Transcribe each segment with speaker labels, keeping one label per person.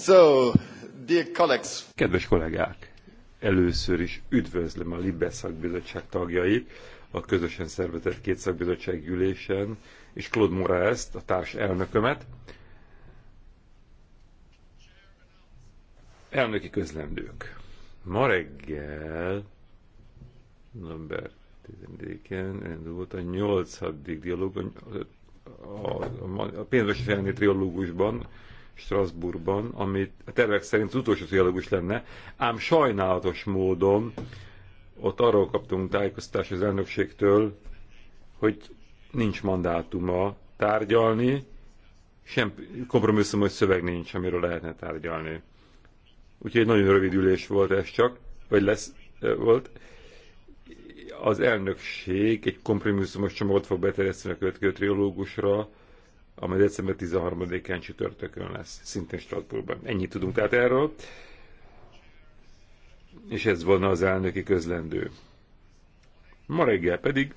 Speaker 1: So, dear colleagues.
Speaker 2: Kedves kollégák, először is üdvözlöm a Libe szakbizottság tagjait a közösen szervezett két szakbizottság ülésen, és Claude Moraest, a társ elnökömet. Elnöki közlendők. Ma reggel november 10-én volt a nyolcadik dialógus, a, a, a pénzös triológusban, Strasbourgban, amit a tervek szerint az utolsó dialógus lenne, ám sajnálatos módon ott arról kaptunk tájékoztatást az elnökségtől, hogy nincs mandátuma tárgyalni, sem kompromisszumos szöveg nincs, amiről lehetne tárgyalni. Úgyhogy egy nagyon rövid ülés volt ez csak, vagy lesz volt. Az elnökség egy kompromisszumos csomagot fog beterjeszteni a következő triológusra, amely december 13-án csütörtökön lesz, szintén Strasbourgban. Ennyit tudunk át erről, és ez volna az elnöki közlendő. Ma reggel pedig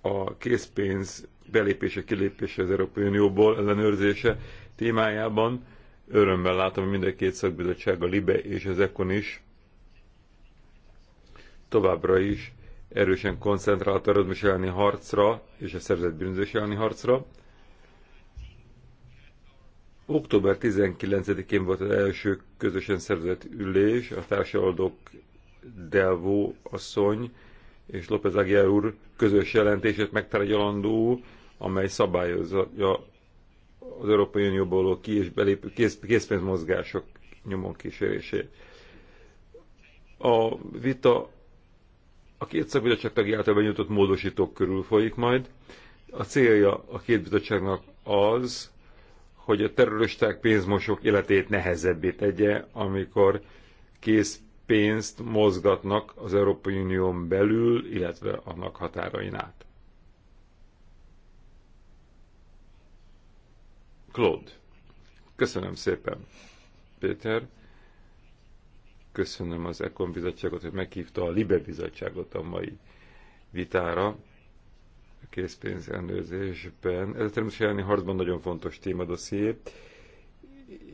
Speaker 2: a készpénz belépése, kilépése az Európai Unióból ellenőrzése témájában örömmel látom, hogy mind a két szakbizottság, a LIBE és az ECON is továbbra is erősen koncentrált a terrorizmus elleni harcra és a szerzett bűnözés elleni harcra. Október 19-én volt az első közösen szerzett ülés, a társadalmok Delvó asszony és López Aguiar úr közös jelentését megtárgyalandó, amely szabályozza az Európai Unióból való ki- és belépő kész, készpénzmozgások nyomon kísérését. A vita a két szakbizottság tagja által benyújtott módosítók körül folyik majd. A célja a két bizottságnak az, hogy a terroristák pénzmosok életét nehezebbé tegye, amikor kész pénzt mozgatnak az Európai Unión belül, illetve annak határain át. Claude. Köszönöm szépen, Péter. Köszönöm az Ekon bizottságot, hogy meghívta a Libe bizottságot a mai vitára a készpénzelnőzésben. Ez a természetesen harcban nagyon fontos témadosszié.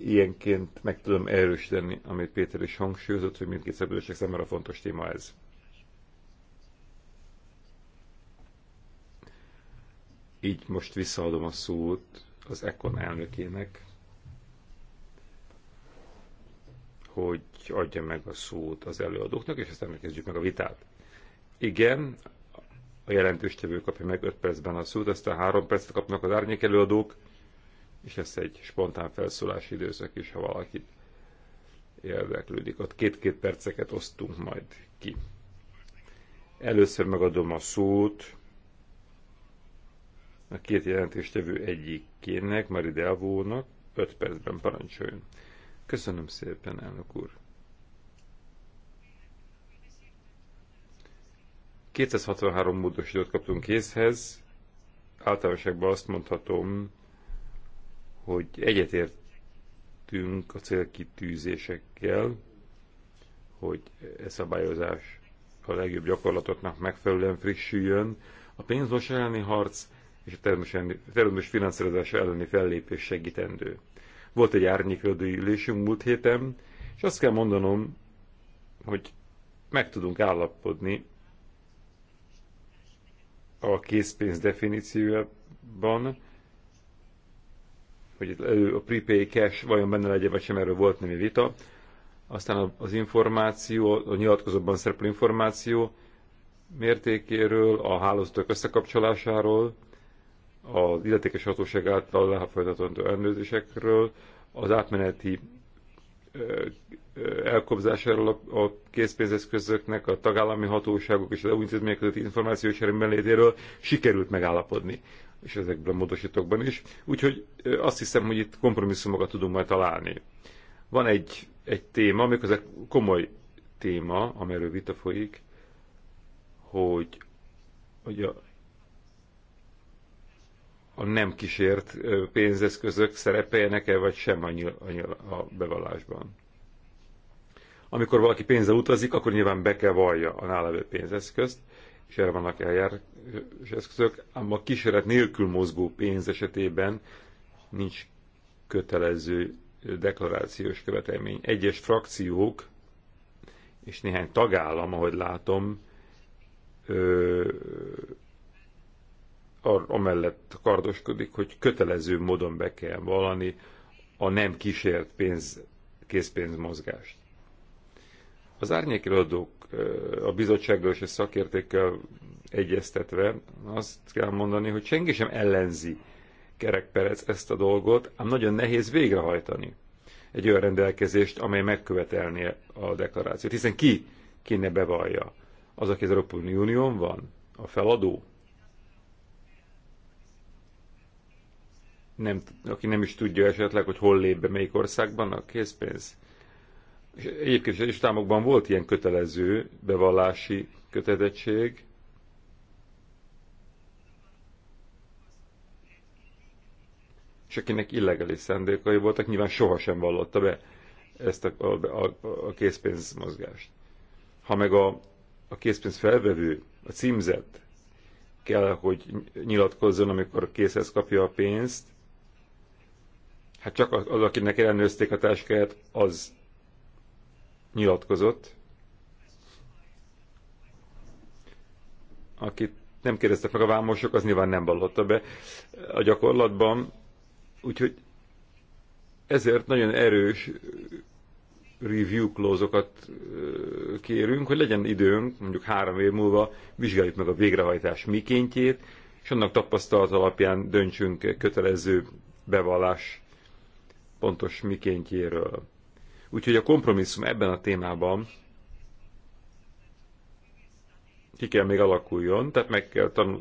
Speaker 2: Ilyenként meg tudom erősíteni, amit Péter is hangsúlyozott, hogy mindkét szerződések számára fontos téma ez. Így most visszaadom a szót az Ekon elnökének. hogy adja meg a szót az előadóknak, és aztán megkezdjük meg a vitát. Igen, a jelentős tevő kapja meg 5 percben a szót, aztán 3 percet kapnak az árnyék előadók, és ez egy spontán felszólási időszak is, ha valakit érdeklődik. Ott két-két perceket osztunk majd ki. Először megadom a szót a két jelentéstevő egyikének, Mari Delvónak, 5 percben parancsoljon. Köszönöm szépen, elnök úr. 263 módosítót kaptunk készhez. Általánoságban azt mondhatom, hogy egyetértünk a célkitűzésekkel, hogy e szabályozás a legjobb gyakorlatoknak megfelelően frissüljön. A pénzmos elleni harc és a termés finanszírozás elleni fellépés segítendő. Volt egy árnyékelődő ülésünk múlt héten, és azt kell mondanom, hogy meg tudunk állapodni a készpénz definíciójában, hogy a prepay cash vajon benne legyen, vagy sem, erről volt némi vita. Aztán az információ, a nyilatkozatban szereplő információ mértékéről, a hálózatok összekapcsolásáról, az illetékes hatóság által lefolytatandó ellenőrzésekről, az átmeneti elkobzásáról a készpénzeszközöknek, a tagállami hatóságok és az EU intézmények közötti információs létéről sikerült megállapodni, és ezekből a módosítókban is. Úgyhogy azt hiszem, hogy itt kompromisszumokat tudunk majd találni. Van egy, egy téma, méghozzá komoly téma, amelyről vita folyik, hogy, hogy a a nem kísért pénzeszközök szerepeljenek-e, vagy sem a, nyil, a, nyil, a bevallásban. Amikor valaki pénze utazik, akkor nyilván be kell vallja a nálevő pénzeszközt, és erre vannak eljárás eszközök, ám a kísérlet nélkül mozgó pénz esetében nincs kötelező deklarációs követelmény. Egyes frakciók és néhány tagállam, ahogy látom, amellett kardoskodik, hogy kötelező módon be kell valani a nem kísért pénz, készpénzmozgást. Az árnyékiradók a bizottsággal és a szakértékkel egyeztetve azt kell mondani, hogy senki sem ellenzi kerekperec ezt a dolgot, ám nagyon nehéz végrehajtani egy olyan rendelkezést, amely megkövetelné a deklarációt. Hiszen ki kéne bevallja? Az, aki az Európai Unión van? A feladó? nem, aki nem is tudja esetleg, hogy hol lép be melyik országban a készpénz.
Speaker 3: És egyébként
Speaker 2: az támokban volt ilyen kötelező bevallási kötelezettség, és akinek illegális szándékai voltak, nyilván sohasem vallotta be ezt a, a, a, a készpénzmozgást. Ha meg a, a készpénz felvevő, a címzett kell, hogy nyilatkozzon, amikor készhez kapja a pénzt, Hát csak az, akinek ellenőrzték a táskáját, az nyilatkozott. Akit nem kérdeztek meg a vámosok, az nyilván nem vallotta be a gyakorlatban. Úgyhogy ezért nagyon erős review klózokat kérünk, hogy legyen időnk, mondjuk három év múlva vizsgáljuk meg a végrehajtás mikéntjét, és annak tapasztalat alapján döntsünk kötelező bevallás pontos mikéntjéről. Úgyhogy a kompromisszum ebben a témában ki kell még alakuljon, tehát meg kell, tanul,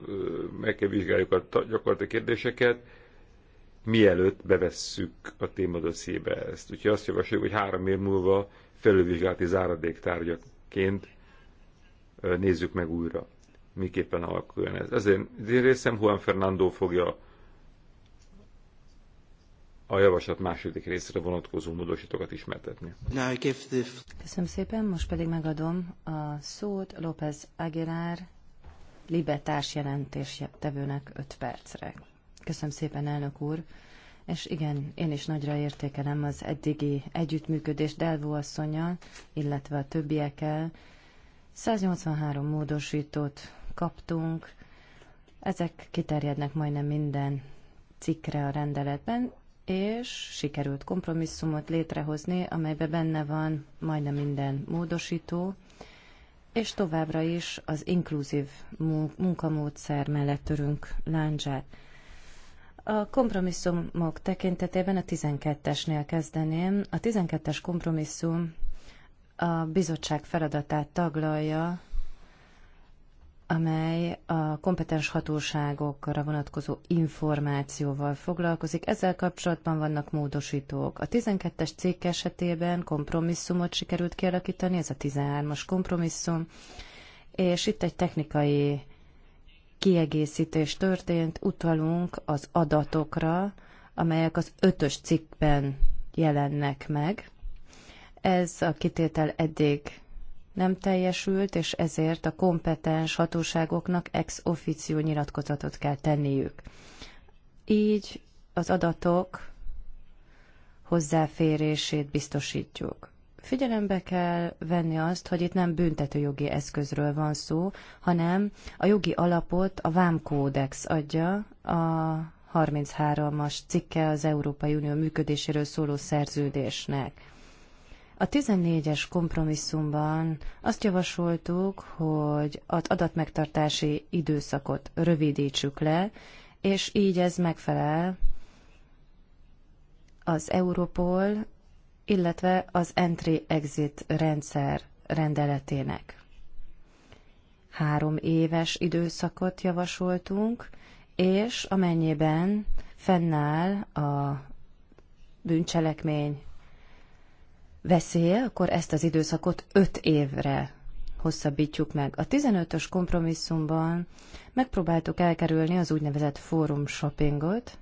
Speaker 2: meg kell vizsgáljuk a gyakorlati kérdéseket, mielőtt bevesszük a témadosszébe ezt. Úgyhogy azt javasoljuk, hogy három év múlva felülvizsgálati záradéktárgyaként nézzük meg újra, miképpen alakuljon ez. Ezért részem Juan Fernando fogja a javaslat második részre vonatkozó módosítókat ismertetni.
Speaker 3: Köszönöm szépen, most pedig megadom a szót López Aguilar libertárs jelentés tevőnek 5 percre. Köszönöm szépen, elnök úr, és igen, én is nagyra értékelem az eddigi együttműködést Delvó asszonyjal, illetve a többiekkel. 183 módosítót kaptunk, ezek kiterjednek majdnem minden cikkre a rendeletben, és sikerült kompromisszumot létrehozni, amelybe benne van majdnem minden módosító, és továbbra is az inkluzív munkamódszer mellett törünk láncsát. A kompromisszumok tekintetében a 12-esnél kezdeném. A 12-es kompromisszum a bizottság feladatát taglalja, amely a kompetens hatóságokra vonatkozó információval foglalkozik. Ezzel kapcsolatban vannak módosítók. A 12-es cég esetében kompromisszumot sikerült kialakítani, ez a 13-as kompromisszum, és itt egy technikai kiegészítés történt, utalunk az adatokra, amelyek az ötös cikkben jelennek meg. Ez a kitétel eddig nem teljesült, és ezért a kompetens hatóságoknak ex officio nyilatkozatot kell tenniük. Így az adatok hozzáférését biztosítjuk. Figyelembe kell venni azt, hogy itt nem büntetőjogi eszközről van szó, hanem a jogi alapot a vámkódex adja, a 33-as cikke az Európai Unió működéséről szóló szerződésnek. A 14-es kompromisszumban azt javasoltuk, hogy az adatmegtartási időszakot rövidítsük le, és így ez megfelel az Europol, illetve az Entry-Exit rendszer rendeletének. Három éves időszakot javasoltunk, és amennyiben fennáll a bűncselekmény veszélye, akkor ezt az időszakot öt évre hosszabbítjuk meg. A 15-ös kompromisszumban megpróbáltuk elkerülni az úgynevezett fórum shoppingot.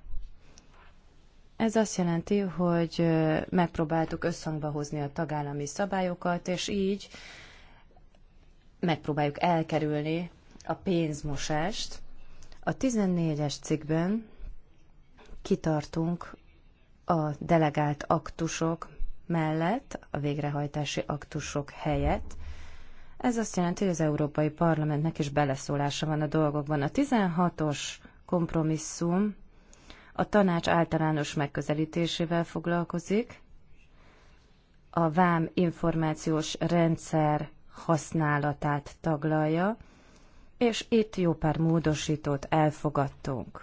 Speaker 3: Ez azt jelenti, hogy megpróbáltuk összhangba hozni a tagállami szabályokat, és így megpróbáljuk elkerülni a pénzmosást. A 14-es cikkben kitartunk a delegált aktusok mellett a végrehajtási aktusok helyett. Ez azt jelenti, hogy az Európai Parlamentnek is beleszólása van a dolgokban. A 16-os kompromisszum a tanács általános megközelítésével foglalkozik, a vám információs rendszer használatát taglalja, és itt jó pár módosítót elfogadtunk,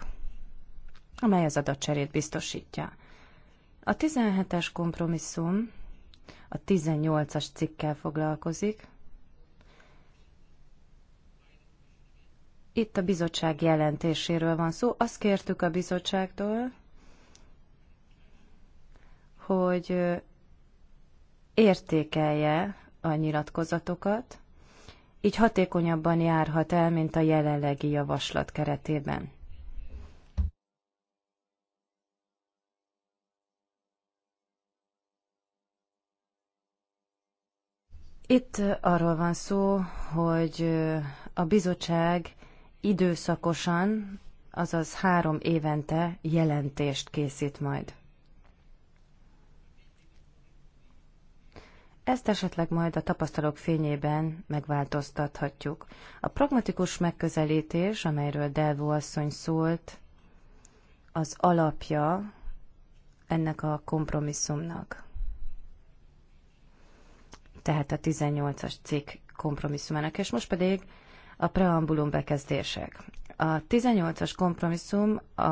Speaker 3: amely az adatcserét biztosítja. A 17-es kompromisszum a 18-as cikkkel foglalkozik. Itt a bizottság jelentéséről van szó. Azt kértük a bizottságtól, hogy értékelje a nyilatkozatokat, így hatékonyabban járhat el, mint a jelenlegi javaslat keretében. Itt arról van szó, hogy a bizottság időszakosan, azaz három évente jelentést készít majd. Ezt esetleg majd a tapasztalók fényében megváltoztathatjuk. A pragmatikus megközelítés, amelyről Delvo asszony szólt, az alapja ennek a kompromisszumnak tehát a 18-as cikk kompromisszumának. És most pedig a preambulum bekezdések. A 18-as kompromisszum a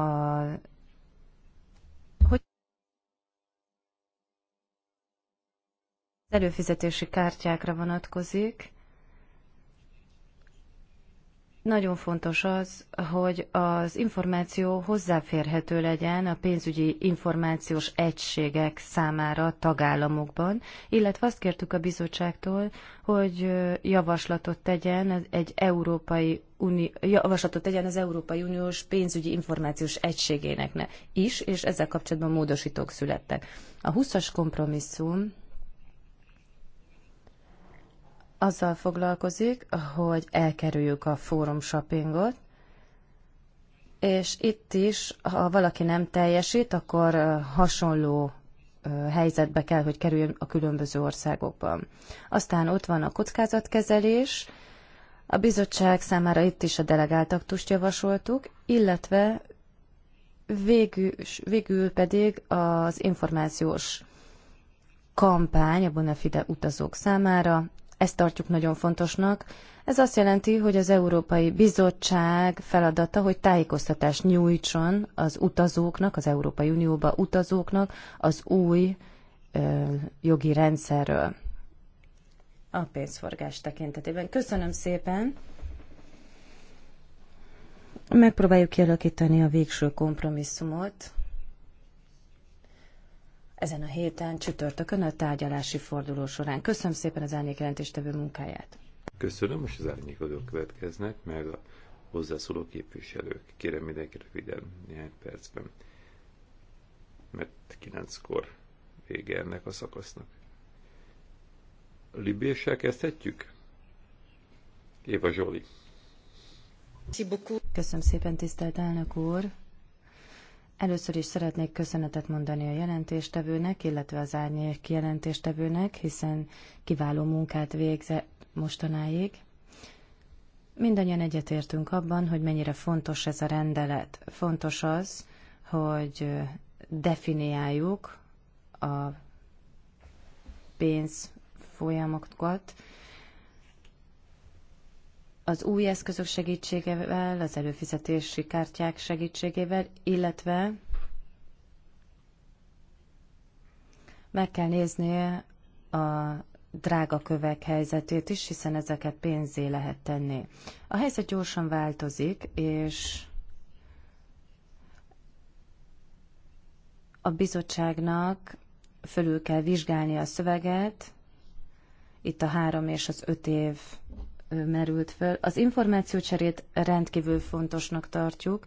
Speaker 3: hogy az előfizetési kártyákra vonatkozik, nagyon fontos az, hogy az információ hozzáférhető legyen a pénzügyi információs egységek számára tagállamokban, illetve azt kértük a bizottságtól, hogy javaslatot tegyen egy európai uni javaslatot tegyen az Európai Uniós pénzügyi információs egységének is, és ezzel kapcsolatban módosítók születtek. A 20-as kompromisszum azzal foglalkozik, hogy elkerüljük a fórum shoppingot, és itt is, ha valaki nem teljesít, akkor hasonló helyzetbe kell, hogy kerüljön a különböző országokban. Aztán ott van a kockázatkezelés, a bizottság számára itt is a delegáltaktust javasoltuk, illetve végül, végül pedig az információs kampány a Bonafide utazók számára, ezt tartjuk nagyon fontosnak. Ez azt jelenti, hogy az Európai Bizottság feladata, hogy tájékoztatást nyújtson az utazóknak, az Európai Unióba utazóknak az új ö, jogi rendszerről a pénzforgás tekintetében. Köszönöm szépen! Megpróbáljuk kialakítani a végső kompromisszumot ezen a héten csütörtökön a tárgyalási forduló során. Köszönöm szépen az árnyékjelentéstevő munkáját.
Speaker 2: Köszönöm, és az árnyékadók következnek, meg a hozzászóló képviselők. Kérem mindenki röviden, néhány percben, mert kilenckor vége ennek a szakasznak. Libéssel kezdhetjük? Éva Zsoli.
Speaker 3: Köszönöm szépen, tisztelt elnök úr! Először is szeretnék köszönetet mondani a jelentéstevőnek, illetve az árnyék jelentéstevőnek, hiszen kiváló munkát végzett mostanáig. Mindannyian egyetértünk abban, hogy mennyire fontos ez a rendelet. Fontos az, hogy definiáljuk a pénz folyamokat, az új eszközök segítségével, az előfizetési kártyák segítségével, illetve meg kell nézni a drága kövek helyzetét is, hiszen ezeket pénzé lehet tenni. A helyzet gyorsan változik, és a bizottságnak fölül kell vizsgálni a szöveget, itt a három és az öt év merült föl. Az információcserét rendkívül fontosnak tartjuk.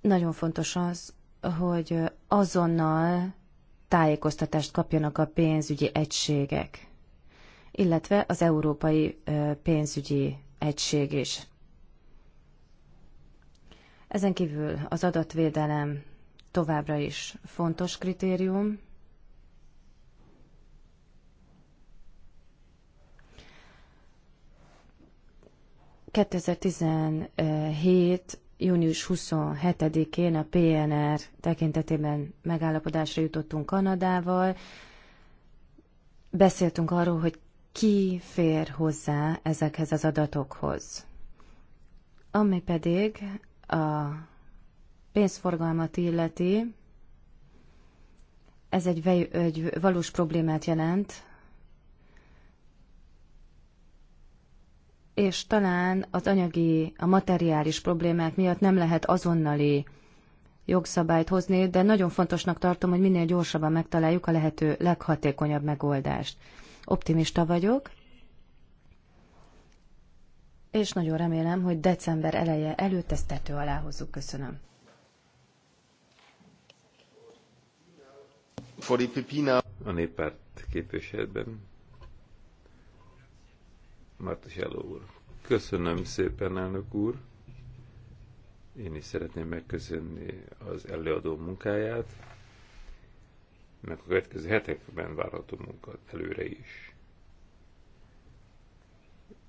Speaker 3: Nagyon fontos az, hogy azonnal tájékoztatást kapjanak a pénzügyi egységek, illetve az európai pénzügyi egység is. Ezen kívül az adatvédelem továbbra is fontos kritérium, 2017. június 27-én a PNR tekintetében megállapodásra jutottunk Kanadával. Beszéltünk arról, hogy ki fér hozzá ezekhez az adatokhoz. Ami pedig a pénzforgalmat illeti, ez egy, egy valós problémát jelent és talán az anyagi, a materiális problémák miatt nem lehet azonnali jogszabályt hozni, de nagyon fontosnak tartom, hogy minél gyorsabban megtaláljuk a lehető leghatékonyabb megoldást. Optimista vagyok, és nagyon remélem, hogy december eleje előtt ezt tető alá hozzuk. Köszönöm.
Speaker 2: A néppárt képviseletben Martiselló úr. Köszönöm szépen, elnök úr. Én is szeretném megköszönni az előadó munkáját, mert a következő hetekben várható munka előre is.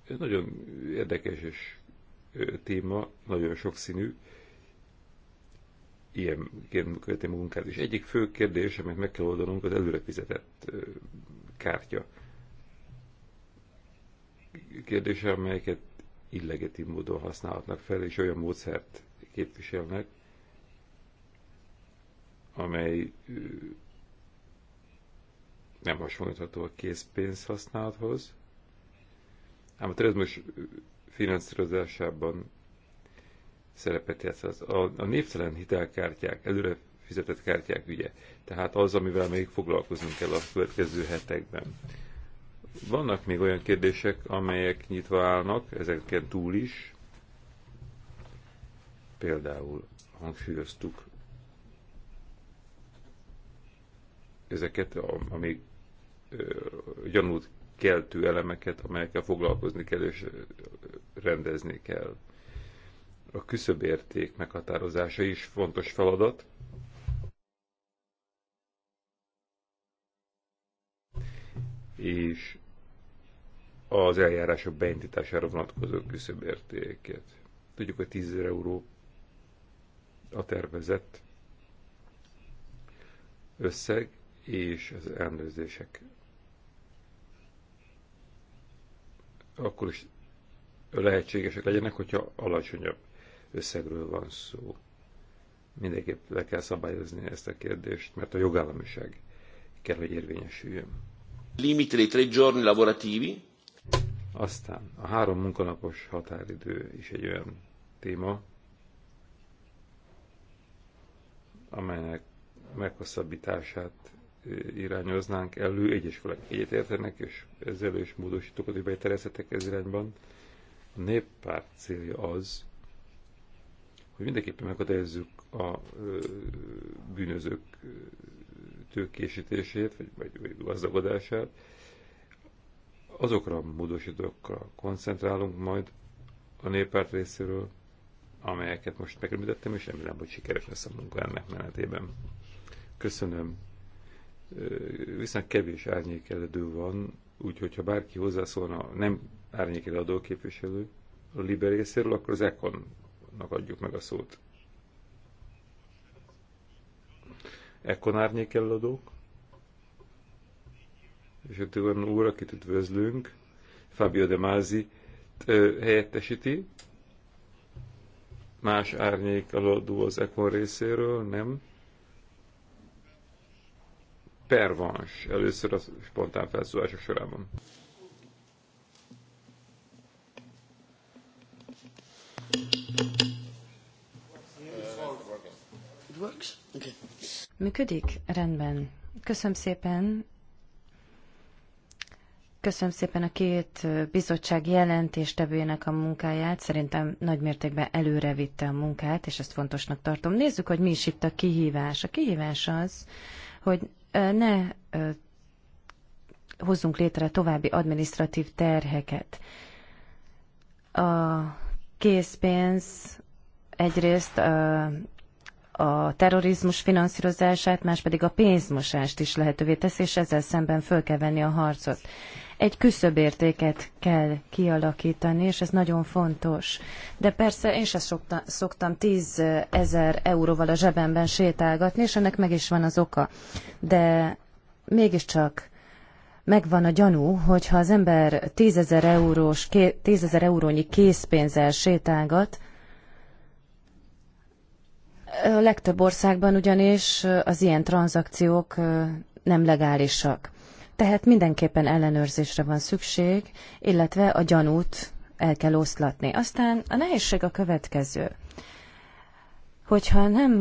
Speaker 2: Ez nagyon érdekes és téma, nagyon sokszínű, ilyen követi munkát is. Egyik fő kérdés, amit meg kell oldanunk, az előre fizetett kártya kérdése, amelyeket illegitim módon használhatnak fel, és olyan módszert képviselnek, amely nem hasonlítható a készpénz használathoz. Ám a terezmus finanszírozásában szerepet az A, a névtelen hitelkártyák, előre fizetett kártyák ügye. Tehát az, amivel még foglalkozunk kell a következő hetekben. Vannak még olyan kérdések, amelyek nyitva állnak, ezeken túl is. Például hangsúlyoztuk ezeket, ami gyanút keltő elemeket, amelyekkel foglalkozni kell és rendezni kell. A küszöbérték meghatározása is fontos feladat. És az eljárások beindítására vonatkozó küszöbértékét. Tudjuk, hogy 10 euró a tervezett összeg és az ellenőrzések. Akkor is lehetségesek legyenek, hogyha alacsonyabb összegről van szó. Mindenképp le kell szabályozni ezt a kérdést, mert a jogállamiság kell, hogy érvényesüljön. Limite dei tre giorni
Speaker 3: lavorativi
Speaker 2: aztán a három munkanapos határidő is egy olyan téma, amelynek meghosszabbítását irányoznánk elő. Egyes kollégák egyetértenek, és ezzel is módosítókat, hogy beterjesztettek ez irányban. A néppárt célja az, hogy mindenképpen megadályozzuk a bűnözők tőkésítését, vagy, vagy, vagy gazdagodását, azokra a módosítókra koncentrálunk majd a néppárt részéről, amelyeket most megrövidítettem, és remélem, hogy sikeres lesz a munka ennek menetében. Köszönöm. Viszont kevés árnyékeledő van, úgyhogy ha bárki hozzászólna, nem árnyékeledő képviselő a Liber részéről, akkor az Ekonnak adjuk meg a szót. Econ árnyékeledők? és a van úr, akit üdvözlünk, Fabio De Mázi helyettesíti. Más árnyék aladó az Ekon részéről, nem? Pervans, először a spontán felszólások sorában.
Speaker 3: Működik? Rendben. Köszönöm szépen, Köszönöm szépen a két bizottság jelentéstevőjének a munkáját. Szerintem nagymértékben előre vitte a munkát, és ezt fontosnak tartom. Nézzük, hogy mi is itt a kihívás. A kihívás az, hogy ne hozzunk létre további administratív terheket. A készpénz egyrészt a terrorizmus finanszírozását, más pedig a pénzmosást is lehetővé teszi, és ezzel szemben föl kell venni a harcot. Egy küszöbértéket kell kialakítani, és ez nagyon fontos. De persze én sem szokta, szoktam 10 ezer euróval a zsebemben sétálgatni, és ennek meg is van az oka. De mégiscsak megvan a gyanú, hogy ha az ember 10 ezer eurós, ezer eurónyi készpénzzel sétálgat, a legtöbb országban ugyanis az ilyen tranzakciók nem legálisak. Tehát mindenképpen ellenőrzésre van szükség, illetve a gyanút el kell oszlatni. Aztán a nehézség a következő. Hogyha nem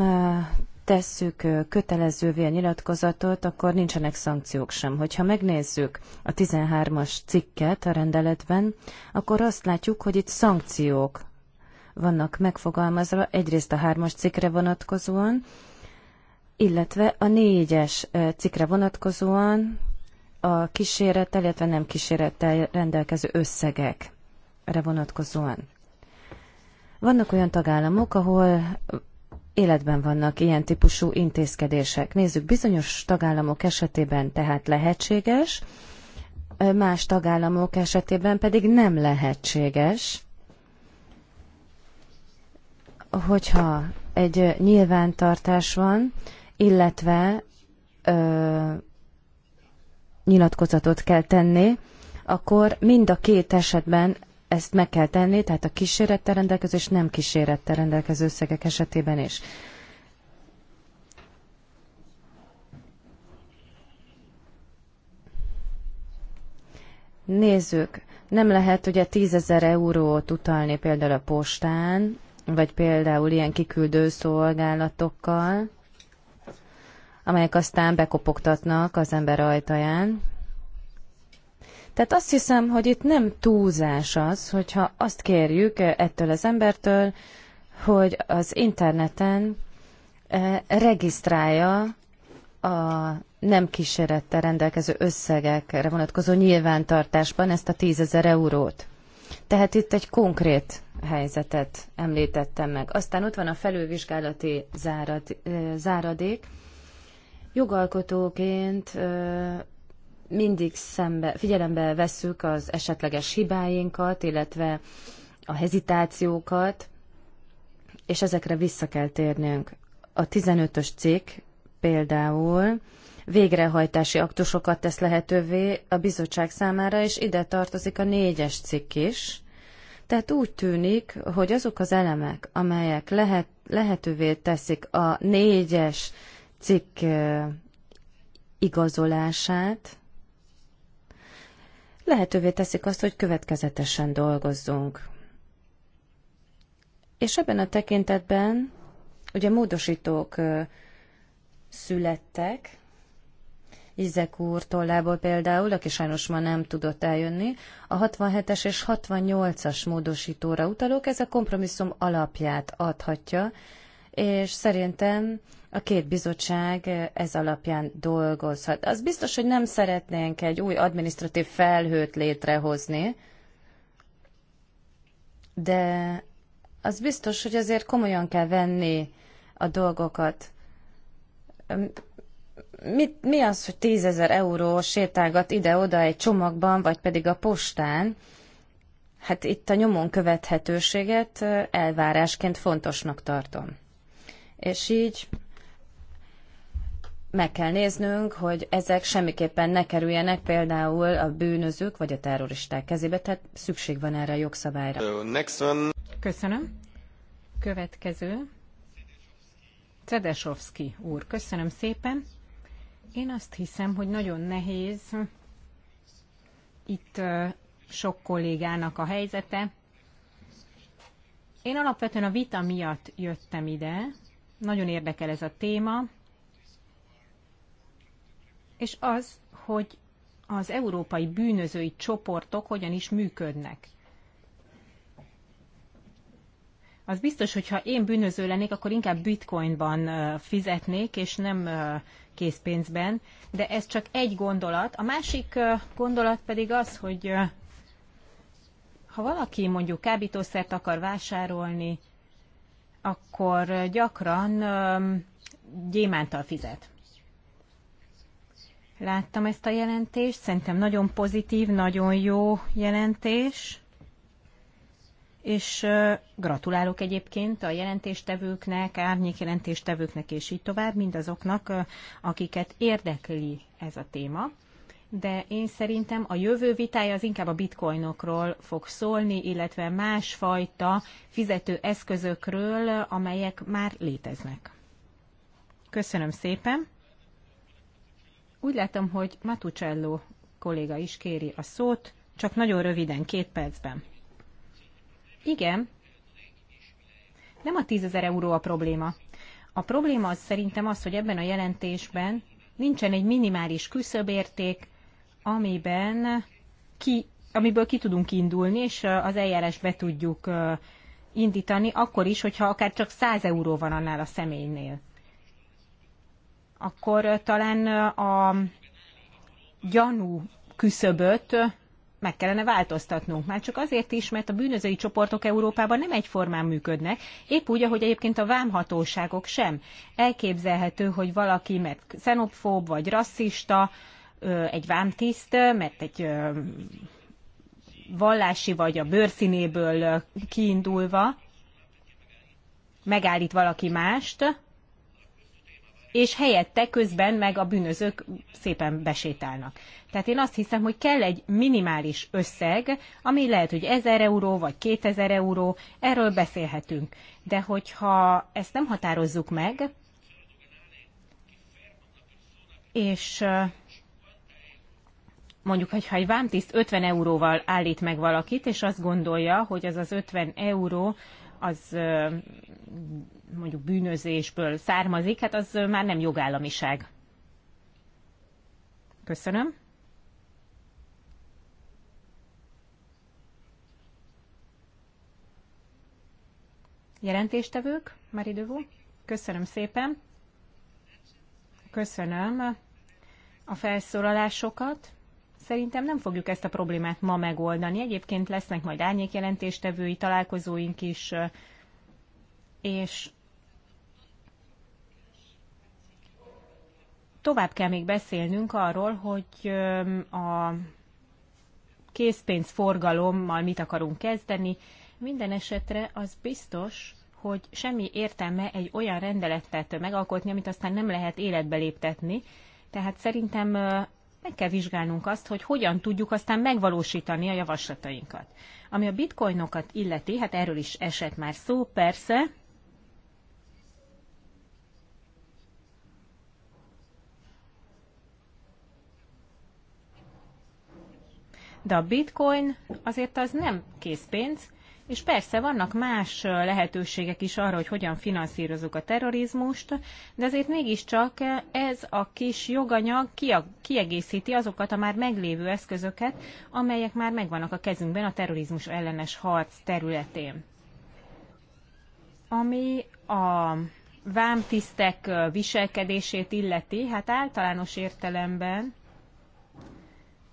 Speaker 3: tesszük kötelezővé a nyilatkozatot, akkor nincsenek szankciók sem. Hogyha megnézzük a 13-as cikket a rendeletben, akkor azt látjuk, hogy itt szankciók vannak megfogalmazva, egyrészt a hármas cikre vonatkozóan, illetve a négyes cikkre vonatkozóan a kísérettel, illetve nem kísérettel rendelkező összegekre vonatkozóan. Vannak olyan tagállamok, ahol életben vannak ilyen típusú intézkedések. Nézzük, bizonyos tagállamok esetében tehát lehetséges, más tagállamok esetében pedig nem lehetséges hogyha egy nyilvántartás van, illetve ö, nyilatkozatot kell tenni, akkor mind a két esetben ezt meg kell tenni, tehát a kísérettel rendelkező és nem kísérettel rendelkező összegek esetében is. Nézzük, nem lehet ugye tízezer eurót utalni például a postán, vagy például ilyen kiküldő szolgálatokkal, amelyek aztán bekopogtatnak az ember ajtaján. Tehát azt hiszem, hogy itt nem túlzás az, hogyha azt kérjük e- ettől az embertől, hogy az interneten e, regisztrálja a nem kísérettel rendelkező összegekre vonatkozó nyilvántartásban ezt a tízezer eurót. Tehát itt egy konkrét helyzetet említettem meg. Aztán ott van a felülvizsgálati zárad, záradék. Jogalkotóként mindig szembe, figyelembe vesszük az esetleges hibáinkat, illetve a hezitációkat, és ezekre vissza kell térnünk. A 15-ös cikk például végrehajtási aktusokat tesz lehetővé a bizottság számára, és ide tartozik a négyes cikk is. Tehát úgy tűnik, hogy azok az elemek, amelyek lehet, lehetővé teszik a négyes cikk igazolását, lehetővé teszik azt, hogy következetesen dolgozzunk. És ebben a tekintetben ugye módosítók születtek, Izek úr tollából például, aki sajnos ma nem tudott eljönni, a 67-es és 68-as módosítóra utalók ez a kompromisszum alapját adhatja, és szerintem a két bizottság ez alapján dolgozhat. Az biztos, hogy nem szeretnénk egy új administratív felhőt létrehozni, de az biztos, hogy azért komolyan kell venni a dolgokat mit, mi az, hogy tízezer euró sétálgat ide-oda egy csomagban, vagy pedig a postán? Hát itt a nyomon követhetőséget elvárásként fontosnak tartom. És így meg kell néznünk, hogy ezek semmiképpen ne kerüljenek például a bűnözők vagy a terroristák kezébe, tehát szükség van erre a jogszabályra. Next one. Köszönöm.
Speaker 1: Következő. Cedesovski úr, köszönöm szépen. Én azt hiszem, hogy nagyon nehéz itt sok kollégának a helyzete. Én alapvetően a vita miatt jöttem ide. Nagyon érdekel ez a téma. És az, hogy az európai bűnözői csoportok hogyan is működnek az biztos, hogy ha én bűnöző lennék, akkor inkább bitcoinban fizetnék, és nem készpénzben. De ez csak egy gondolat. A másik gondolat pedig az, hogy ha valaki mondjuk kábítószert akar vásárolni, akkor gyakran gyémántal fizet. Láttam ezt a jelentést, szerintem nagyon pozitív, nagyon jó jelentés és gratulálok egyébként a jelentéstevőknek, árnyék jelentéstevőknek és így tovább, mindazoknak, akiket érdekli ez a téma. De én szerintem a jövő vitája az inkább a bitcoinokról fog szólni, illetve másfajta fizető eszközökről, amelyek már léteznek. Köszönöm szépen! Úgy látom, hogy Matucello kolléga is kéri a szót, csak nagyon röviden, két percben. Igen, nem a tízezer euró a probléma. A probléma az szerintem az, hogy ebben a jelentésben nincsen egy minimális küszöbérték, amiben ki, amiből ki tudunk indulni, és az eljárás be tudjuk indítani, akkor is, hogyha akár csak 100 euró van annál a személynél. Akkor talán a gyanú küszöböt meg kellene változtatnunk. Már csak azért is, mert a bűnözői csoportok Európában nem egyformán működnek, épp úgy, ahogy egyébként a vámhatóságok sem. Elképzelhető, hogy valaki, mert xenofób vagy rasszista, egy vámtiszt, mert egy vallási vagy a bőrszínéből kiindulva megállít valaki mást, és helyette közben meg a bűnözők szépen besétálnak. Tehát én azt hiszem, hogy kell egy minimális összeg, ami lehet, hogy 1000 euró vagy 2000 euró, erről beszélhetünk. De hogyha ezt nem határozzuk meg, és mondjuk, ha egy vámtiszt 50 euróval állít meg valakit, és azt gondolja, hogy az az 50 euró az mondjuk bűnözésből származik, hát az már nem jogállamiság. Köszönöm. Jelentéstevők, már idő volt. Köszönöm szépen. Köszönöm a felszólalásokat. Szerintem nem fogjuk ezt a problémát ma megoldani. Egyébként lesznek majd árnyékjelentéstevői találkozóink is, és tovább kell még beszélnünk arról, hogy a készpénzforgalommal mit akarunk kezdeni. Minden esetre az biztos, hogy semmi értelme egy olyan rendeletet megalkotni, amit aztán nem lehet életbe léptetni. Tehát szerintem meg kell vizsgálnunk azt, hogy hogyan tudjuk aztán megvalósítani a javaslatainkat. Ami a bitcoinokat illeti, hát erről is esett már szó, persze, De a bitcoin azért az nem készpénz, és persze vannak más lehetőségek is arra, hogy hogyan finanszírozunk a terrorizmust, de azért mégiscsak ez a kis joganyag kiegészíti azokat a már meglévő eszközöket, amelyek már megvannak a kezünkben a terrorizmus ellenes harc területén. Ami a vámtisztek viselkedését illeti, hát általános értelemben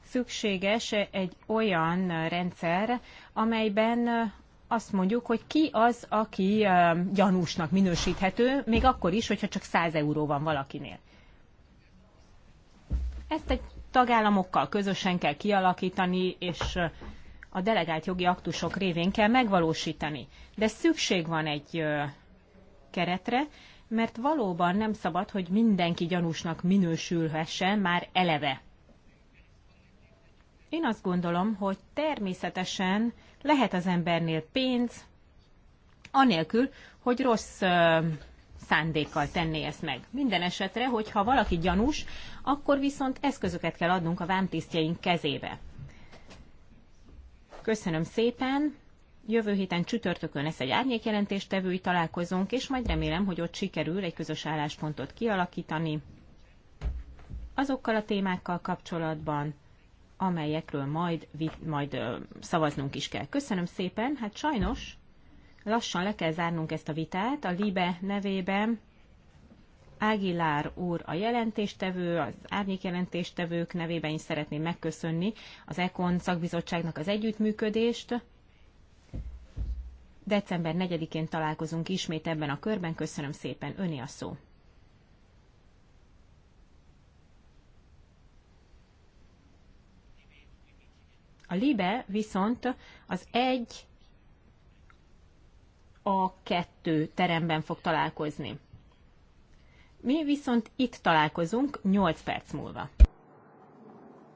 Speaker 1: szükséges egy olyan rendszer, amelyben azt mondjuk, hogy ki az, aki gyanúsnak minősíthető, még akkor is, hogyha csak 100 euró van valakinél. Ezt egy tagállamokkal közösen kell kialakítani, és a delegált jogi aktusok révén kell megvalósítani. De szükség van egy keretre, mert valóban nem szabad, hogy mindenki gyanúsnak minősülhessen már eleve. Én azt gondolom, hogy természetesen lehet az embernél pénz, anélkül, hogy rossz szándékkal tenné ezt meg. Minden esetre, hogyha valaki gyanús, akkor viszont eszközöket kell adnunk a vámtisztjeink kezébe. Köszönöm szépen! Jövő héten csütörtökön lesz egy árnyékjelentéstevői találkozónk, és majd remélem, hogy ott sikerül egy közös álláspontot kialakítani azokkal a témákkal kapcsolatban, amelyekről majd, majd szavaznunk is kell. Köszönöm szépen, hát sajnos lassan le kell zárnunk ezt a vitát. A LIBE nevében Ágilár úr a jelentéstevő, az árnyék jelentéstevők nevében is szeretném megköszönni az EKON szakbizottságnak az együttműködést. December 4-én találkozunk ismét ebben a körben. Köszönöm szépen, öné a szó. A libe viszont az egy a kettő teremben fog találkozni. Mi viszont itt találkozunk 8 perc múlva.